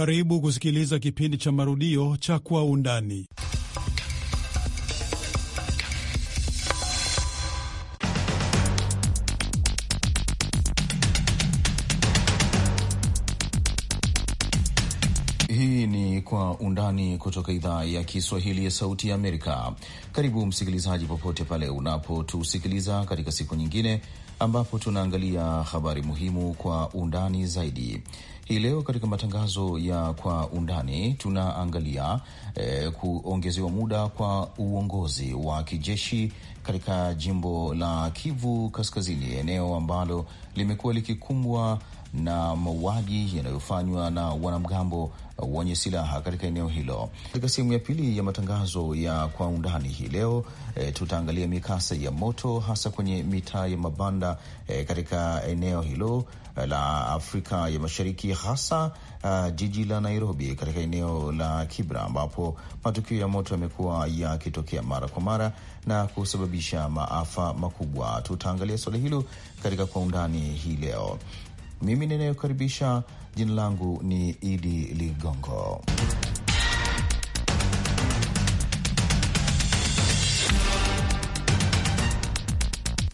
Karibu kusikiliza kipindi cha marudio cha Kwa Undani. Hii ni Kwa Undani kutoka idhaa ya Kiswahili ya Sauti ya Amerika. Karibu msikilizaji, popote pale unapotusikiliza katika siku nyingine ambapo tunaangalia habari muhimu kwa undani zaidi. Hii leo katika matangazo ya kwa undani tunaangalia eh, kuongezewa muda kwa uongozi wa kijeshi katika jimbo la Kivu Kaskazini, eneo ambalo limekuwa likikumbwa na mauaji yanayofanywa na wanamgambo wenye silaha katika eneo hilo. Katika sehemu ya pili ya matangazo ya kwa undani hii leo e, tutaangalia mikasa ya moto hasa kwenye mitaa ya mabanda e, katika eneo hilo eh, la Afrika ya Mashariki hasa uh, jiji la Nairobi katika eneo la Kibra ambapo matukio ya moto yamekuwa yakitokea mara kwa mara na kusababisha maafa makubwa. Tutaangalia suala hilo katika kwa undani hii leo. Mimi ninayokaribisha, jina langu ni Idi Ligongo.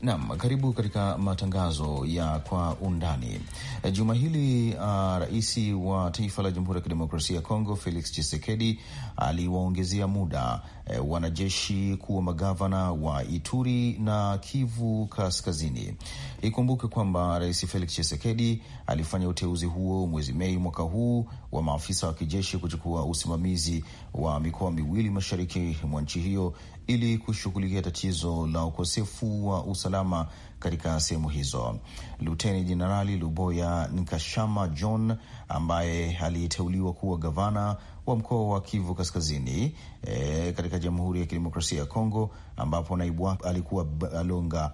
Nam, karibu katika matangazo ya kwa undani. Eh, juma hili uh, rais wa taifa la Jamhuri ya Kidemokrasia ya Kongo Felix Tshisekedi aliwaongezea muda eh, wanajeshi kuwa magavana wa Ituri na Kivu Kaskazini. Ikumbuke kwamba Rais Felix Tshisekedi alifanya uteuzi huo mwezi Mei mwaka huu wa maafisa wa kijeshi kuchukua usimamizi wa mikoa miwili mashariki mwa nchi hiyo ili kushughulikia tatizo la ukosefu wa usalama katika sehemu hizo. Luteni Jenerali Luboya Nkashama John ambaye aliteuliwa kuwa gavana wa mkoa wa Kivu Kaskazini e, katika Jamhuri ya Kidemokrasia ya Kongo, ambapo naibu wake alikuwa alonga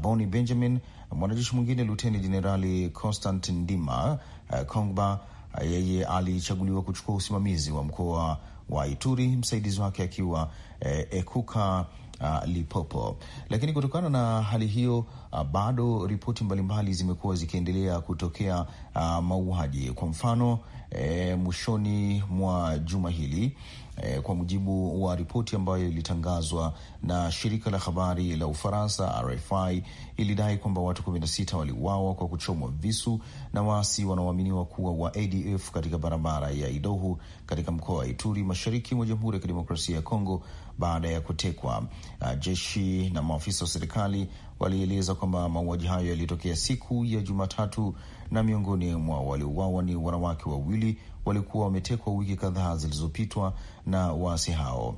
Boni Benjamin. Mwanajeshi mwingine Luteni Jenerali Constant Ndima Kongba, yeye alichaguliwa kuchukua usimamizi wa mkoa wa Ituri, msaidizi wake akiwa e, Ekuka uh, Lipopo. Lakini kutokana na hali hiyo, uh, bado ripoti mbalimbali zimekuwa zikiendelea kutokea uh, mauaji. Kwa mfano, eh, mwishoni mwa juma hili eh, kwa mujibu wa ripoti ambayo ilitangazwa na shirika la habari la Ufaransa RFI ilidai kwamba watu 16 waliuawa kwa kuchomwa visu na waasi wanaoaminiwa kuwa wa ADF katika barabara ya Idohu katika mkoa wa Ituri mashariki mwa Jamhuri ya Kidemokrasia ya Kongo baada ya kutekwa. Uh, jeshi na maafisa wa serikali walieleza kwamba mauaji hayo yalitokea siku ya Jumatatu na miongoni mwa waliouawa ni wanawake wawili walikuwa wametekwa wiki kadhaa zilizopitwa na waasi hao.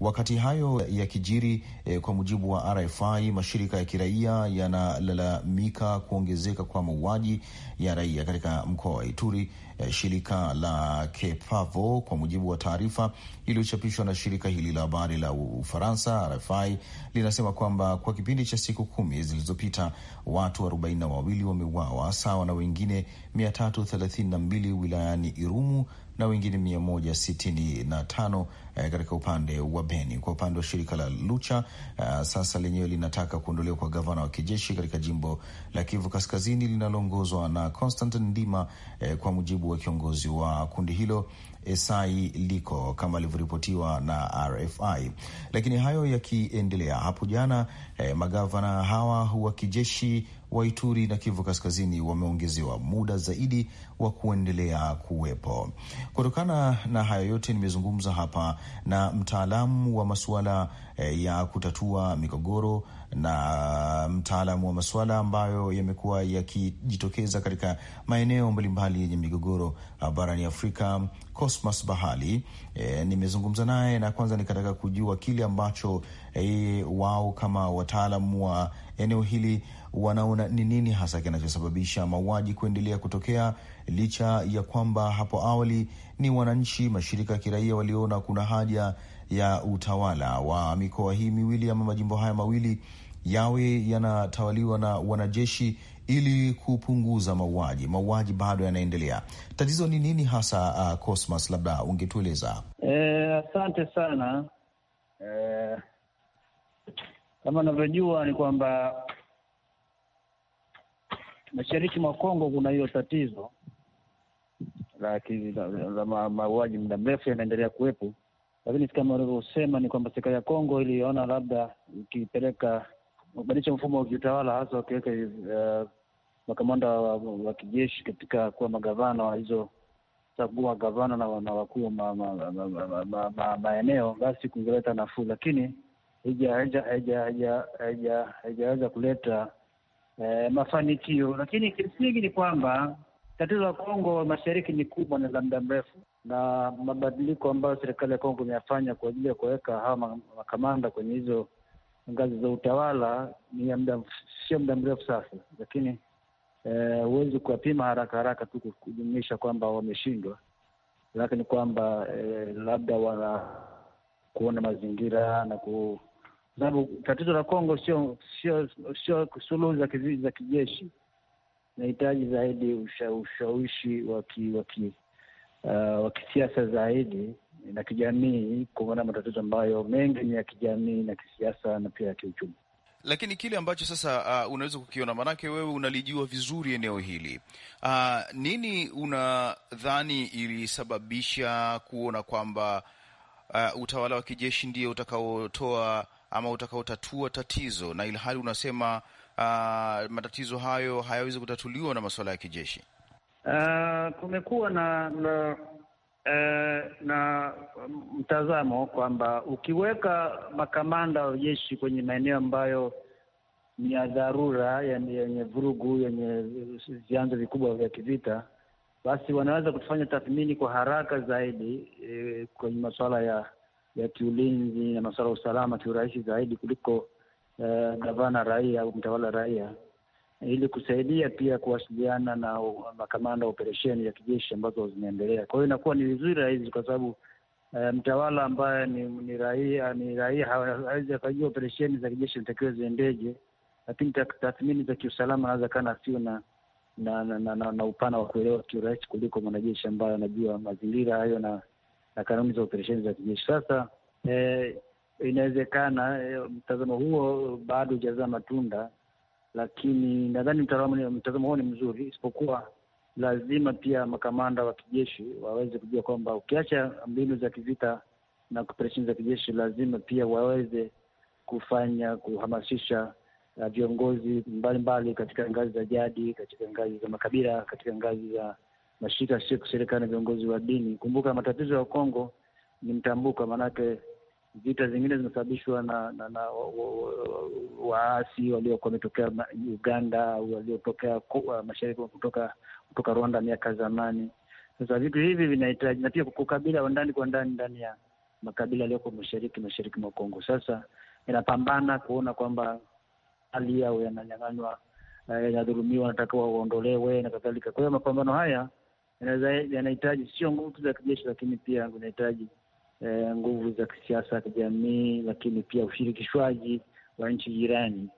Wakati hayo yakijiri, e, eh, kwa mujibu wa RFI, mashirika ya kiraia yanalalamika kuongezeka kwa mauaji ya raia katika mkoa wa Ituri. E, shirika la Kepavo, kwa mujibu wa taarifa iliyochapishwa na shirika hili la habari la Ufaransa RFI, linasema kwamba kwa kipindi cha siku kumi zilizopita watu arobaini na wawili wameuawa sawa na wengine mia tatu thelathini na mbili wilayani Irumu na wengine 165 eh, katika upande wa Beni. Kwa upande wa shirika la Lucha eh, sasa lenyewe linataka kuondolewa kwa gavana wa kijeshi katika jimbo la Kivu Kaskazini linaloongozwa na Constantin Ndima, eh, kwa mujibu wa kiongozi wa kundi hilo Esai Liko kama alivyoripotiwa na RFI. Lakini hayo yakiendelea, hapo jana eh, magavana hawa wa kijeshi wa Ituri na Kivu Kaskazini wameongezewa muda zaidi wa kuendelea kuwepo. Kutokana na haya yote, nimezungumza hapa na mtaalamu wa masuala eh, ya kutatua migogoro na mtaalamu wa masuala ambayo yamekuwa yakijitokeza katika maeneo mbalimbali yenye migogoro ah, barani Afrika, Cosmas Bahali. E, nimezungumza naye na kwanza nikataka kujua kile ambacho e, wao kama wataalamu wa eneo hili wanaona ni nini hasa kinachosababisha mauaji kuendelea kutokea licha ya kwamba hapo awali ni wananchi, mashirika ya kiraia waliona kuna haja ya utawala wa mikoa hii miwili ama majimbo haya mawili yawe yanatawaliwa na wanajeshi ili kupunguza mauaji. Mauaji bado yanaendelea. Tatizo ni nini hasa? Uh, Cosmas, labda ungetueleza. Eh, asante sana eh, kama unavyojua ni kwamba mashariki mwa Kongo kuna hiyo tatizo la, mauaji muda mrefu yanaendelea kuwepo, lakini kama walivyosema ni kwamba serikali ya Kongo iliona labda ikipeleka kubadilisha mfumo wa kiutawala, hasa wakiweka uh, makamanda wa, wa kijeshi katika kuwa magavana wa hizo kuwa gavana na, na wakuu wa ma, ma, ma, ma, ma, ma, ma, basi kungeleta nafuu, lakini haijaweza kuleta eh, mafanikio. Lakini kimsingi ni kwamba tatizo la Kongo mashariki ni kubwa na la muda mrefu, na mabadiliko ambayo serikali ya Kongo imeyafanya kwa ajili ya kuwaweka hawa makamanda kwenye hizo ngazi za utawala ni ya muda, sio muda mrefu sasa, lakini eh, huwezi eh, kuwapima haraka haraka tu kujumuisha kwamba wameshindwa, lakini kwamba eh, labda wana kuona mazingira na ku sababu tatizo la Kongo sio sio sio suluhu za za kijeshi, nahitaji zaidi usha, ushawishi waki, waki, uh, wa kisiasa zaidi na kijamii, kuona matatizo ambayo mengi ni ya kijamii na kisiasa na pia ya kiuchumi lakini kile ambacho sasa uh, unaweza kukiona, maanake wewe unalijua vizuri eneo hili uh, nini unadhani ilisababisha kuona kwamba uh, utawala wa kijeshi ndio utakaotoa ama utakaotatua tatizo, na ili hali unasema uh, matatizo hayo hayawezi kutatuliwa na masuala ya kijeshi. Uh, kumekuwa na na, uh, na mtazamo kwamba ukiweka makamanda wa jeshi kwenye maeneo ambayo ni ya dharura, yenye vurugu, yenye vyanzo vikubwa vya kivita, basi wanaweza kufanya tathmini kwa haraka zaidi eh, kwenye masuala ya ya kiulinzi na masuala ya usalama kiurahisi zaidi kuliko uh, gavana raia au mtawala raia, ili kusaidia pia kuwasiliana na makamanda wa operesheni ya kijeshi ambazo zinaendelea. Kwa hiyo inakuwa ni vizuri rahisi kwa sababu Uh, mtawala ambaye ni, ni raia ni raia hawezi akajua operesheni za kijeshi zinatakiwa ziendeje, lakini tathmini za kiusalama anaweza kana sio na na, na, na, na upana wa kuelewa kiurahisi kuliko mwanajeshi ambaye anajua mazingira hayo na na kanuni za operesheni za kijeshi. Sasa eh, inawezekana eh, mtazamo huo bado hujazaa matunda, lakini nadhani mtazamo huo ni mzuri, isipokuwa lazima pia makamanda wa kijeshi waweze kujua kwamba ukiacha mbinu za kivita na operesheni za kijeshi, lazima pia waweze kufanya kuhamasisha eh, viongozi mbalimbali katika ngazi za jadi, katika ngazi za makabila, katika ngazi za mashirika sio serikali na viongozi wa dini. Kumbuka matatizo ya Kongo ni mtambuka, maanake vita zingine zimesababishwa na, na, na waasi waliokuwa wametokea Uganda au waliotokea mashariki kutoka kutoka Rwanda miaka zamani. Sasa vitu hivi vinahitaji na pia kukabila wa ndani kwa ndani ndani ya makabila yaliyoko mashariki mashariki mwa Kongo. Sasa inapambana kuona kwamba hali yao yananyang'anywa, eh, yanadhulumiwa, wanatakiwa waondolewe na kadhalika. Kwa hiyo mapambano haya yanahitaji sio nguvu za kijeshi, lakini pia inahitaji eh, nguvu za kisiasa, kijamii, lakini pia ushirikishwaji wa nchi jirani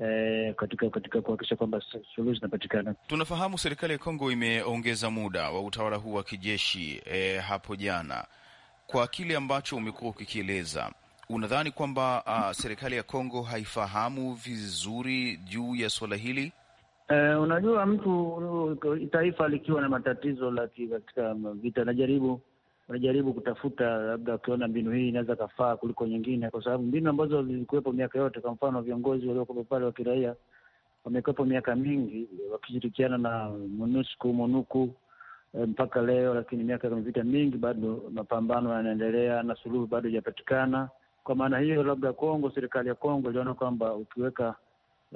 eh, katika katika kuhakikisha kwamba suluhu zinapatikana. Tunafahamu serikali ya Kongo imeongeza muda wa utawala huu wa kijeshi eh, hapo jana. Kwa kile ambacho umekuwa ukikieleza, unadhani kwamba uh, serikali ya Kongo haifahamu vizuri juu ya suala hili? Uh, unajua mtu taifa likiwa na matatizo la katika vita anajaribu anajaribu kutafuta labda akiona mbinu hii inaweza kafaa kuliko nyingine, kwa sababu mbinu ambazo zilikuwepo miaka yote, kwa mfano viongozi waliokuwepo pale wa kiraia wamekuwepo miaka mingi wakishirikiana na MONUSCO MONUKU eh, mpaka leo, lakini miaka ya vita mingi bado mapambano yanaendelea na suluhu bado haijapatikana. Kwa maana hiyo, labda Kongo, serikali ya Kongo iliona kwamba ukiweka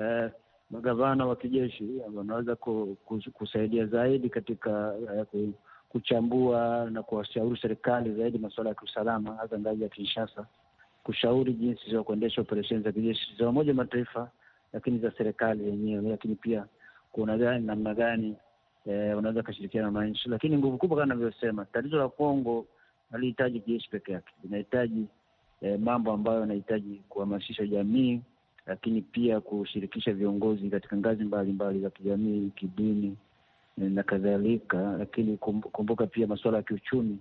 eh, magavana wa kijeshi wanaweza kusaidia zaidi katika eh, kuchambua na kuwashauri serikali zaidi masuala ya kiusalama, hasa ngazi ya Kinshasa, kushauri jinsi za kuendesha operesheni za kijeshi za Umoja Mataifa, lakini za serikali yenyewe, lakini pia kuna gani namna gani eh, wanaweza e, ukashirikiana na wananchi. Lakini nguvu kubwa kama navyosema, tatizo la Kongo halihitaji jeshi peke yake, linahitaji e, eh, mambo ambayo yanahitaji kuhamasisha jamii lakini pia kushirikisha viongozi katika ngazi mbalimbali za kijamii, kidini eh, na kadhalika. Lakini kumbuka pia masuala ya kiuchumi,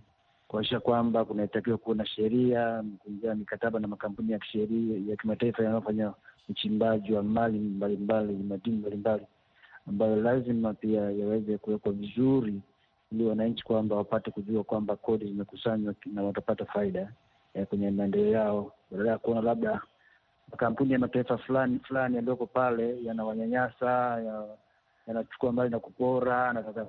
kuakisha kwamba kunatakiwa kuwa na sheria kuingia mikataba na makampuni ya kisheria ya kimataifa yanayofanya uchimbaji wa mali mbalimbali, madini mbalimbali, ambayo lazima pia yaweze kuwekwa vizuri, ili wananchi kwamba wapate kujua kwamba kodi zimekusanywa na watapata faida eh, kwenye maendeleo yao, badala ya kuona labda makampuni ya mataifa fulani fulani yaliyoko pale yanawanyanyasa, yanachukua ya mbali na kupora na kadhaa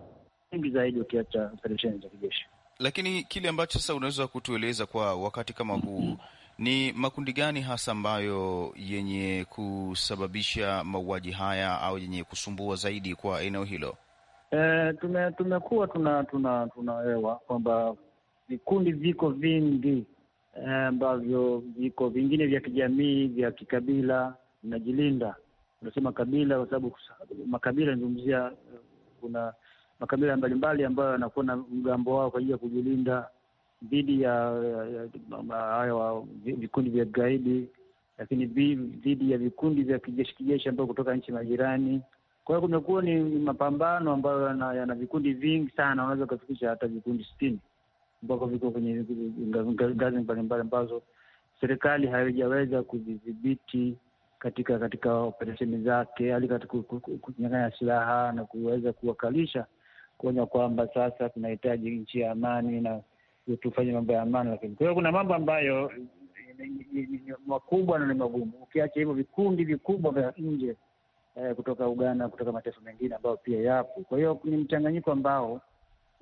nyingi zaidi, ukiacha operesheni za kijeshi. Lakini kile ambacho sasa unaweza kutueleza kwa wakati kama huu mm -hmm. Ni makundi gani hasa ambayo yenye kusababisha mauaji haya au yenye kusumbua zaidi kwa eneo hilo? E, tume- tumekuwa tuna tuna, tuna kwamba vikundi viko vingi Eh, ambavyo viko vingine vya kijamii vya kikabila vinajilinda. Unasema kabila kwa sababu makabila nazungumzia, eh, kuna makabila mbalimbali ambayo yanakuwa na mgambo wao kwa ajili ya kujilinda dhidi ya hayo vikundi vya kigaidi, lakini dhidi ya vikundi vya kijeshi kijeshi ambayo kutoka nchi majirani. Kwa hiyo kumekuwa ni mapambano ambayo yana vikundi vingi sana, unaweza ukafikisha hata vikundi sitini ambavyo viko kwenye ngazi mbalimbali ambazo serikali haijaweza kuzidhibiti katika katika operesheni zake, hali katika kunyang'anya silaha na kuweza kuwakalisha kuonya kwamba sasa tunahitaji nchi ya amani na tufanye mambo ya amani. Lakini kwa hiyo kuna mambo ambayo makubwa na ni magumu, ukiacha hivyo vikundi vikubwa vya nje eh, kutoka Uganda, kutoka mataifa mengine ambayo pia yapo. Kwa hiyo ni mchanganyiko ambao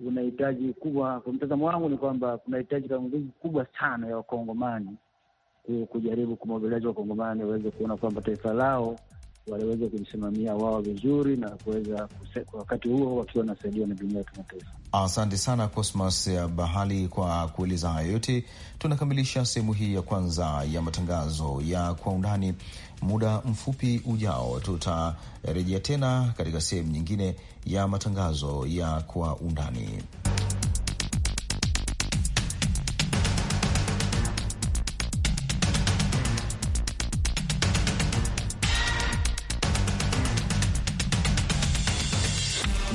unahitaji kubwa. Kwa mtazamo wangu ni kwamba kwa nguvu kubwa sana ya Wakongomani kujaribu kumobiliza Wakongomani waweze kuona kwamba taifa lao waliweza kujisimamia wao vizuri na kuweza wakati huo wakiwa wanasaidiwa na jumuia ya kimataifa. Asante sana Cosmas Bahali kwa kueleza hayo yote. Tunakamilisha sehemu hii ya kwanza ya matangazo ya kwa undani. Muda mfupi ujao, tutarejea tena katika sehemu nyingine ya matangazo ya kwa undani.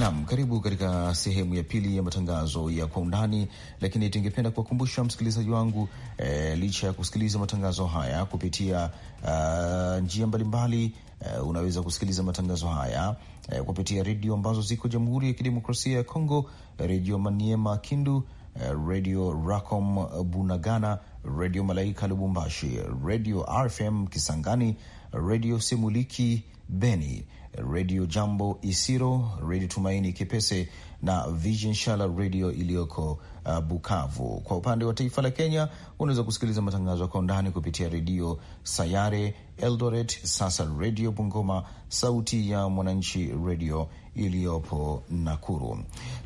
Nam, karibu katika sehemu ya pili ya matangazo ya kwa undani, lakini tungependa kuwakumbusha msikilizaji wangu e, licha ya kusikiliza matangazo haya kupitia uh, njia mbalimbali uh, unaweza kusikiliza matangazo haya uh, kupitia redio ambazo ziko Jamhuri ya Kidemokrasia ya Kongo, Redio Maniema Kindu, uh, Redio Racom Bunagana, Redio Malaika Lubumbashi, Redio RFM Kisangani, Redio Semuliki Beni Redio Jambo Isiro, Redio Tumaini Kipese na Vision Shala redio iliyoko uh, Bukavu. Kwa upande wa taifa la Kenya, unaweza kusikiliza matangazo ya kwa undani kupitia redio Sayare Eldoret, sasa redio Bungoma, sauti ya mwananchi redio iliyopo Nakuru.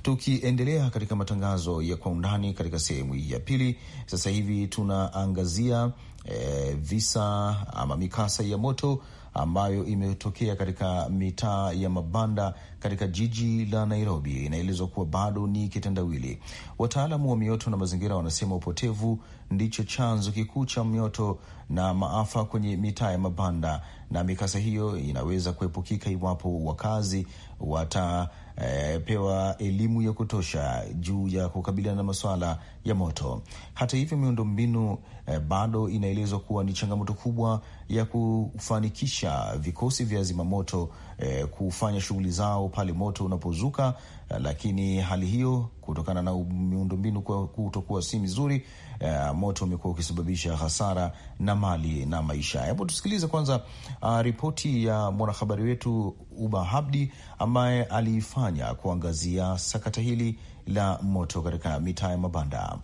Tukiendelea katika matangazo ya kwa undani katika sehemu hii ya pili, sasa hivi tunaangazia e, visa ama mikasa ya moto ambayo imetokea katika mitaa ya mabanda katika jiji la Nairobi. Inaelezwa kuwa bado ni kitendawili. Wataalamu wa mioto na mazingira wanasema upotevu ndicho chanzo kikuu cha mioto na maafa kwenye mitaa ya mabanda na mikasa hiyo inaweza kuepukika iwapo wakazi watapewa e, elimu ya kutosha juu ya kukabiliana na masuala ya moto. Hata hivyo, miundombinu e, bado inaelezwa kuwa ni changamoto kubwa ya kufanikisha vikosi vya zimamoto e, kufanya shughuli zao pale moto unapozuka, lakini hali hiyo kutokana na miundombinu kutokuwa si mizuri uh, moto umekuwa ukisababisha hasara na mali na maisha. Hebu tusikilize kwanza uh, ripoti ya mwanahabari wetu Uba Habdi ambaye aliifanya kuangazia sakata hili la moto katika mitaa ya mabanda.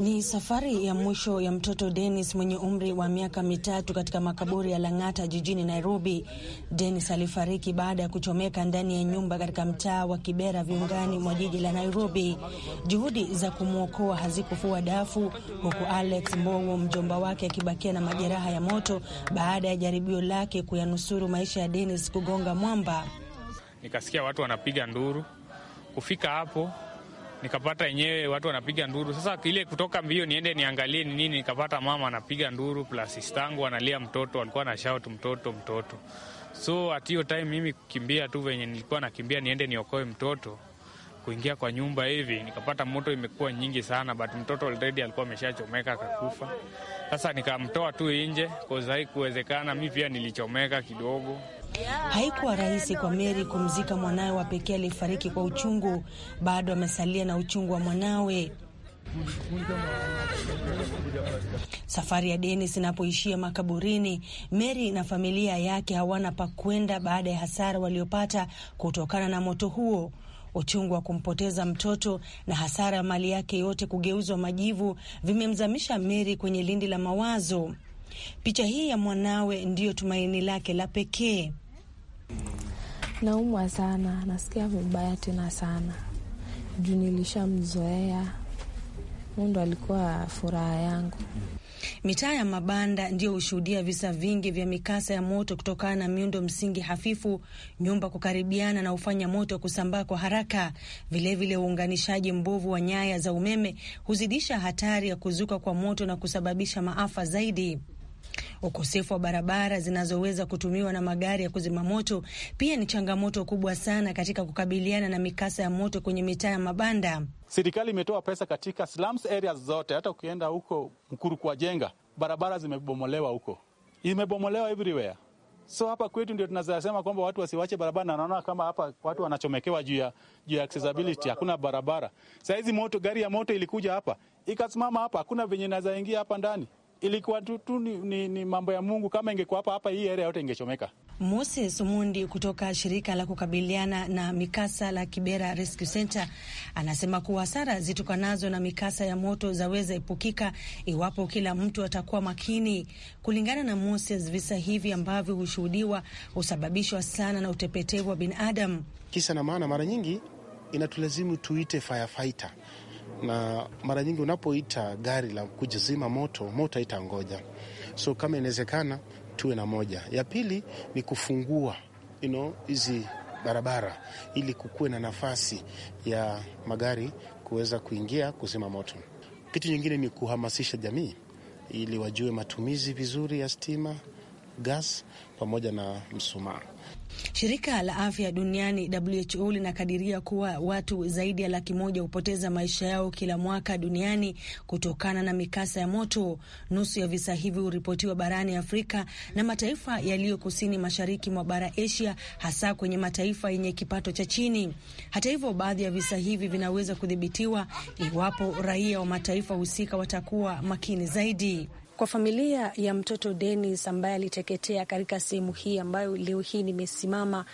Ni safari ya mwisho ya mtoto Dennis mwenye umri wa miaka mitatu katika makaburi ya Lang'ata jijini Nairobi. Dennis alifariki baada ya kuchomeka ndani ya nyumba katika mtaa wa Kibera viungani mwa jiji la Nairobi. Juhudi za kumwokoa hazikufua dafu, huku Alex Mbongo mjomba wake akibakia na majeraha ya moto baada ya jaribio lake kuyanusuru maisha ya Dennis kugonga mwamba. Nikasikia watu wanapiga nduru kufika hapo nikapata yenyewe watu wanapiga nduru. Sasa ile kutoka mbio niende niangalie ni nini, nikapata mama anapiga nduru plus sistangu analia mtoto, alikuwa na shout mtoto mtoto. So at hiyo time mimi kukimbia tu venye nilikuwa nakimbia niende niokoe mtoto, kuingia kwa nyumba hivi nikapata moto imekuwa nyingi sana, but mtoto already alikuwa ameshachomeka akakufa. Sasa nikamtoa tu nje kwa kuwezekana, mi pia nilichomeka kidogo Haikuwa rahisi kwa Meri kumzika mwanawe wa pekee aliyefariki kwa uchungu, bado amesalia na uchungu wa mwanawe. Safari ya Denis inapoishia makaburini, Meri na familia yake hawana pa kwenda baada ya hasara waliopata kutokana na moto huo. Uchungu wa kumpoteza mtoto na hasara ya mali yake yote kugeuzwa majivu vimemzamisha Meri kwenye lindi la mawazo. Picha hii ya mwanawe ndiyo tumaini lake la pekee. Naumwa sana, nasikia vibaya tena sana juu nilishamzoea. Ndo alikuwa furaha yangu. Mitaa ya mabanda ndiyo hushuhudia visa vingi vya mikasa ya moto kutokana na miundo msingi hafifu, nyumba kukaribiana na ufanya moto kusambaa kwa haraka. Vilevile, uunganishaji mbovu wa nyaya za umeme huzidisha hatari ya kuzuka kwa moto na kusababisha maafa zaidi. Ukosefu wa barabara zinazoweza kutumiwa na magari ya kuzima moto pia ni changamoto kubwa sana katika kukabiliana na mikasa ya moto kwenye mitaa ya mabanda. Serikali imetoa pesa katika slums areas zote, hata ukienda huko Mkuru kwa jenga barabara zimebomolewa huko, imebomolewa everywhere. So hapa kwetu ndio tunazasema kwamba watu wasiwache barabara, na naona kama hapa watu wanachomekewa juu ya juu ya accessibility, hakuna barabara. Saa hizi moto, gari ya moto ilikuja hapa ikasimama hapa, hakuna venye inaweza ingia hapa ndani ilikuwa tu, tu ni, ni, ni mambo ya Mungu. Kama ingekuwa hapa hapa, hii area yote ingechomeka. Moses Mundi kutoka shirika la kukabiliana na mikasa la Kibera Rescue Center anasema kuwa hasara zitokanazo na mikasa ya moto zaweza epukika iwapo kila mtu atakuwa makini. Kulingana na Moses, visa hivi ambavyo hushuhudiwa husababishwa sana na utepetevu wa binadamu. Kisa na maana, mara nyingi inatulazimu tuite firefighter na mara nyingi unapoita gari la kujizima moto, moto haitangoja. So kama inawezekana, tuwe na moja. Ya pili ni kufungua you know, hizi barabara ili kukuwe na nafasi ya magari kuweza kuingia kuzima moto. Kitu nyingine ni kuhamasisha jamii ili wajue matumizi vizuri ya stima gas pamoja na msumaa. Shirika la afya duniani WHO linakadiria kuwa watu zaidi ya laki moja hupoteza maisha yao kila mwaka duniani kutokana na mikasa ya moto. Nusu ya visa hivi huripotiwa barani Afrika na mataifa yaliyo kusini mashariki mwa bara Asia, hasa kwenye mataifa yenye kipato cha chini. Hata hivyo, baadhi ya visa hivi vinaweza kudhibitiwa iwapo raia wa mataifa husika watakuwa makini zaidi. Kwa familia ya mtoto denis ambaye aliteketea katika sehemu hii ambayo leo hii nimesimama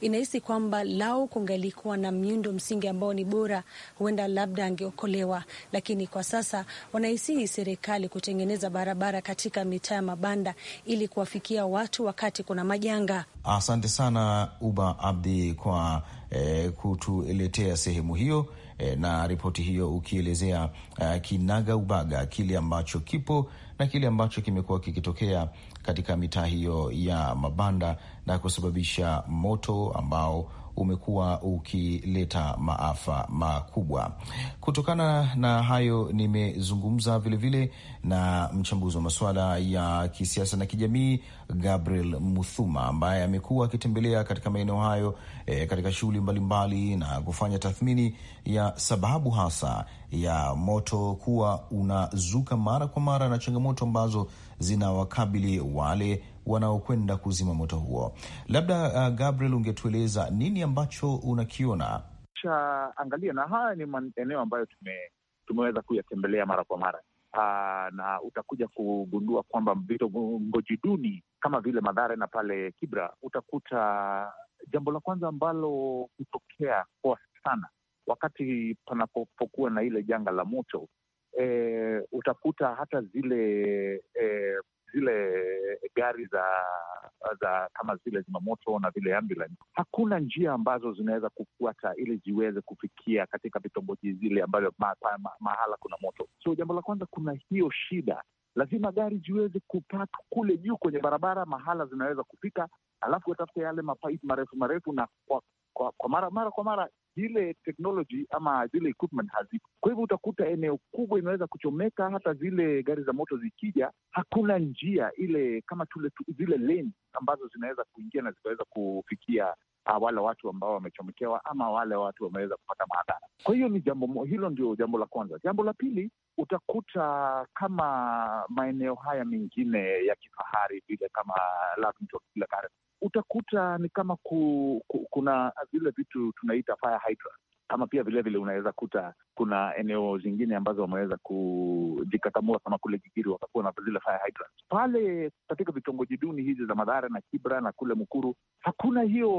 inahisi kwamba lau kungalikuwa na miundo msingi ambao ni bora, huenda labda angeokolewa, lakini kwa sasa wanahisihi serikali kutengeneza barabara katika mitaa ya mabanda ili kuwafikia watu wakati kuna majanga. Asante sana Uba Abdi kwa eh, kutueletea sehemu hiyo eh, na ripoti hiyo ukielezea eh, kinaga ubaga kile ambacho kipo na kile ambacho kimekuwa kikitokea katika mitaa hiyo ya mabanda na kusababisha moto ambao umekuwa ukileta maafa makubwa. Kutokana na hayo, nimezungumza vilevile na mchambuzi wa masuala ya kisiasa na kijamii Gabriel Muthuma ambaye amekuwa akitembelea katika maeneo hayo e, katika shughuli mbalimbali na kufanya tathmini ya sababu hasa ya moto kuwa unazuka mara kwa mara na changamoto ambazo zinawakabili wale wanaokwenda kuzima moto huo. Labda uh, Gabriel, ungetueleza nini ambacho unakiona cha angalia? Na haya ni maeneo ambayo tume, tumeweza kuyatembelea mara kwa mara uh, na utakuja kugundua kwamba vitongoji duni kama vile Madhare na pale Kibra, utakuta jambo la kwanza ambalo hutokea kwa sana wakati panapokuwa na ile janga la moto e, utakuta hata zile e, zile gari za za kama zile zimamoto na vile ambulance, hakuna njia ambazo zinaweza kufuata ili ziweze kufikia katika vitongoji zile ambavyo ma, ma, ma, mahala kuna moto. So jambo la kwanza, kuna hiyo shida, lazima gari ziweze kupaka kule juu kwenye barabara mahala zinaweza kufika, alafu watafute yale mapaipu marefu marefu na kwa, kwa, kwa mara mara kwa mara zile teknoloji ama zile equipment hazipo. Kwa hivyo utakuta eneo kubwa imeweza kuchomeka. Hata zile gari za moto zikija, hakuna njia ile kama tule, zile lane ambazo zinaweza kuingia na zikaweza kufikia uh, wale watu ambao wamechomekewa ama wale watu wameweza kupata madhara. Kwa hiyo ni jambo hilo, ndio jambo la kwanza. Jambo la pili, utakuta kama maeneo haya mengine ya kifahari vile kama Lavington utakuta ni kama ku, ku, kuna vile vitu tunaita fire hydrant kama pia vilevile unaweza kuta kuna eneo zingine ambazo wameweza kujikakamua kama kule Gigiri wakakuwa na zile fire pale katika vitongoji duni hizi za Madhara na Kibra na kule Mukuru, hakuna hiyo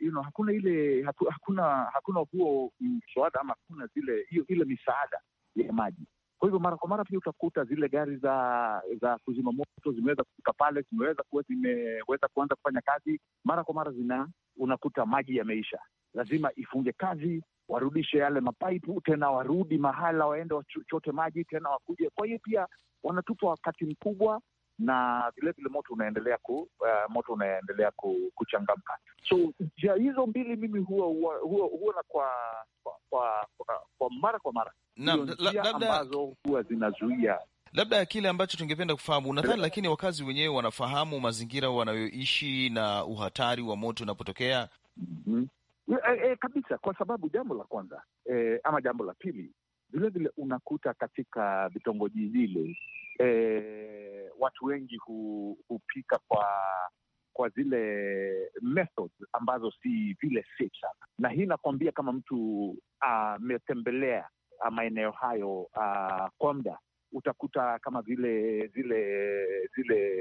you know, hakuna ile haku, hakuna hakuna huo mswada ama hakuna zile hiyo ile misaada ya maji. Kwa hivyo mara kwa mara pia utakuta zile gari za za kuzima moto zimeweza kufika pale, zimeweza kuwa zimeweza kuanza kufanya kazi. Mara kwa mara zina unakuta maji yameisha, lazima ifunge kazi warudishe yale mapaipu tena, warudi mahala waende wachote maji tena wakuje. Kwa hiyo pia wanatupa wakati mkubwa na vilevile moto unaendelea ku, uh, moto unaendelea ku, kuchangamka. So njia hizo mbili mimi huwa huona kwa, kwa, kwa, kwa, kwa mara kwa mara njia ambazo huwa zinazuia labda kile ambacho tungependa kufahamu, nadhani lakini wakazi wenyewe wanafahamu mazingira wanayoishi na uhatari wa moto unapotokea. mm -hmm e, e, kabisa, kwa sababu jambo la kwanza e, ama jambo la pili vilevile unakuta katika vitongoji vile e, watu wengi hu, hupika kwa kwa zile methods ambazo si vile safe sana, na hii nakwambia kama mtu ametembelea uh, maeneo hayo uh, kwa muda, utakuta kama vile zile zile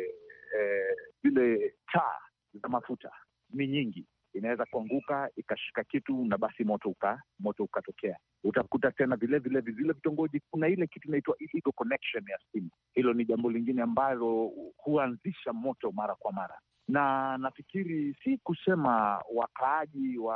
eh, zile taa za mafuta ni nyingi inaweza kuanguka ikashika kitu na basi moto uka, moto ukatokea. Utakuta tena vilevile vile vitongoji kuna ile kitu inaitwa illegal connection ya simu. Hilo ni jambo lingine ambalo huanzisha moto mara kwa mara, na nafikiri si kusema wakaaji wa,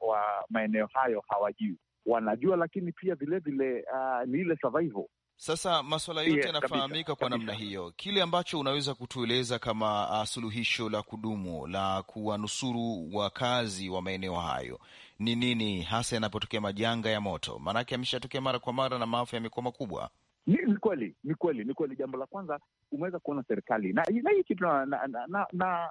wa maeneo hayo hawajui, wanajua, lakini pia vilevile uh, ah, ni ile survival sasa maswala yote yanafahamika kwa namna hiyo. Kile ambacho unaweza kutueleza kama uh, suluhisho la kudumu la kuwanusuru wakazi wa maeneo hayo ni nini hasa yanapotokea majanga ya moto? Maanake ameshatokea mara kwa mara na maafa yamekuwa makubwa. Ni kweli, ni kweli, ni kweli. Jambo la kwanza umeweza kuona serikali na hii kitu na, na, na, na, na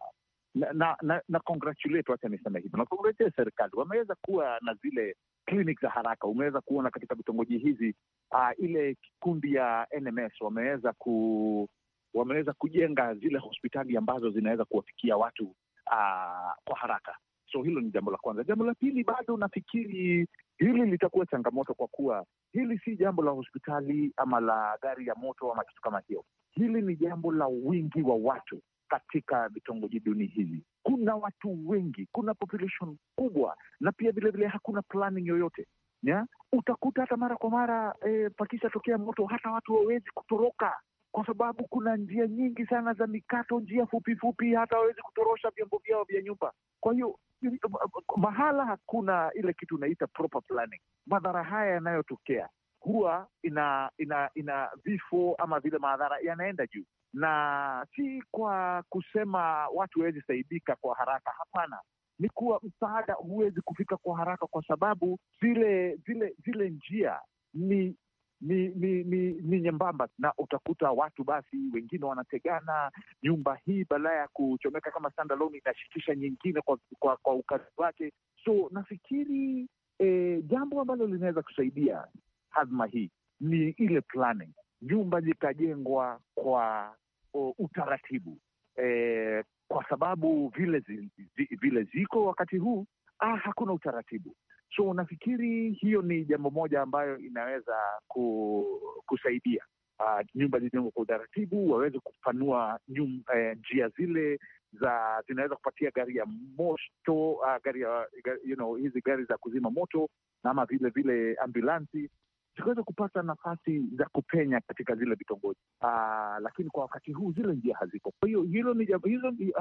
na, na, na, congratulate, wacha niseme hivyo, na congratulate serikali, wameweza kuwa na zile clinic za haraka. Umeweza kuona katika vitongoji hizi uh, ile kikundi ya NMS wameweza ku wameweza kujenga zile hospitali ambazo zinaweza kuwafikia watu uh, kwa haraka. So hilo ni jambo la kwanza. Jambo la pili, bado nafikiri hili litakuwa changamoto kwa kuwa hili si jambo la hospitali ama la gari ya moto ama kitu kama hiyo. Hili ni jambo la wingi wa watu katika vitongoji duni hivi. Kuna watu wengi, kuna population kubwa, na pia vilevile hakuna planning yoyote ya? Utakuta hata mara kwa mara eh, tokea moto hata watu wawezi kutoroka kwa sababu kuna njia nyingi sana za mikato, njia fupi fupi, hata wawezi kutorosha vyombo vyao vya nyumba. Kwa hiyo mahala hakuna ile kitu unaita proper planning, madhara haya yanayotokea huwa ina ina ina vifo ama vile madhara yanaenda juu na si kwa kusema watu wawezi saidika kwa haraka. Hapana, ni kuwa msaada huwezi kufika kwa haraka, kwa sababu zile zile zile njia ni ni ni ni, ni nyembamba, na utakuta watu basi wengine wanategana. Nyumba hii badala ya kuchomeka kama standalone inashikisha nyingine kwa, kwa, kwa ukazi wake. So nafikiri e, jambo ambalo linaweza kusaidia hazma hii ni ile planning, nyumba zikajengwa kwa utaratibu e, kwa sababu vile, zi, zi, vile ziko wakati huu ah, hakuna utaratibu. So unafikiri hiyo ni jambo moja ambayo inaweza ku, kusaidia Uh, nyumba zijengwa kwa utaratibu, waweze kupanua e, njia eh, zile za zinaweza kupatia gari ya moto uh, gari ya, you know, hizi gari za kuzima moto ama vile vile ambulansi tukaweza kupata nafasi za kupenya katika zile vitongoji, ah, lakini kwa wakati huu zile njia haziko. Kwa hiyo hilo ni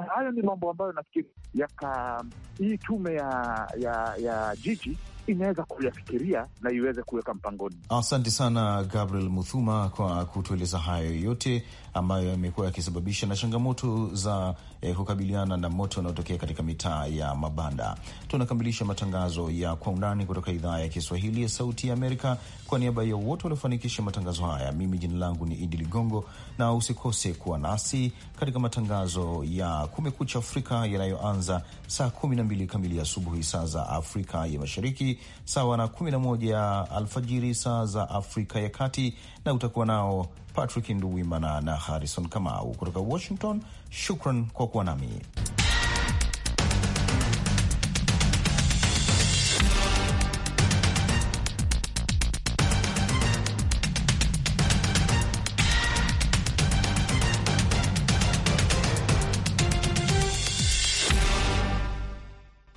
hayo ni mambo ambayo nafikiri yaka hii tume ya ya, ya jiji inaweza kuyafikiria na iweze kuweka mpangoni. Asante sana Gabriel Muthuma kwa kutueleza hayo yote ambayo yamekuwa yakisababisha na changamoto za eh, kukabiliana na moto unaotokea katika mitaa ya mabanda. Tunakamilisha matangazo ya kwa undani kutoka idhaa ya Kiswahili ya Sauti ya Amerika. Kwa niaba ya wote waliofanikisha matangazo haya, mimi jina langu ni Idi Ligongo, na usikose kuwa nasi katika matangazo ya Kumekucha Afrika yanayoanza saa 12 kamili asubuhi saa za Afrika ya Mashariki sawa na 11 alfajiri saa za Afrika ya Kati, na utakuwa nao Patrick Nduwimana na Harrison Kamau kutoka Washington. Shukran kwa kuwa nami.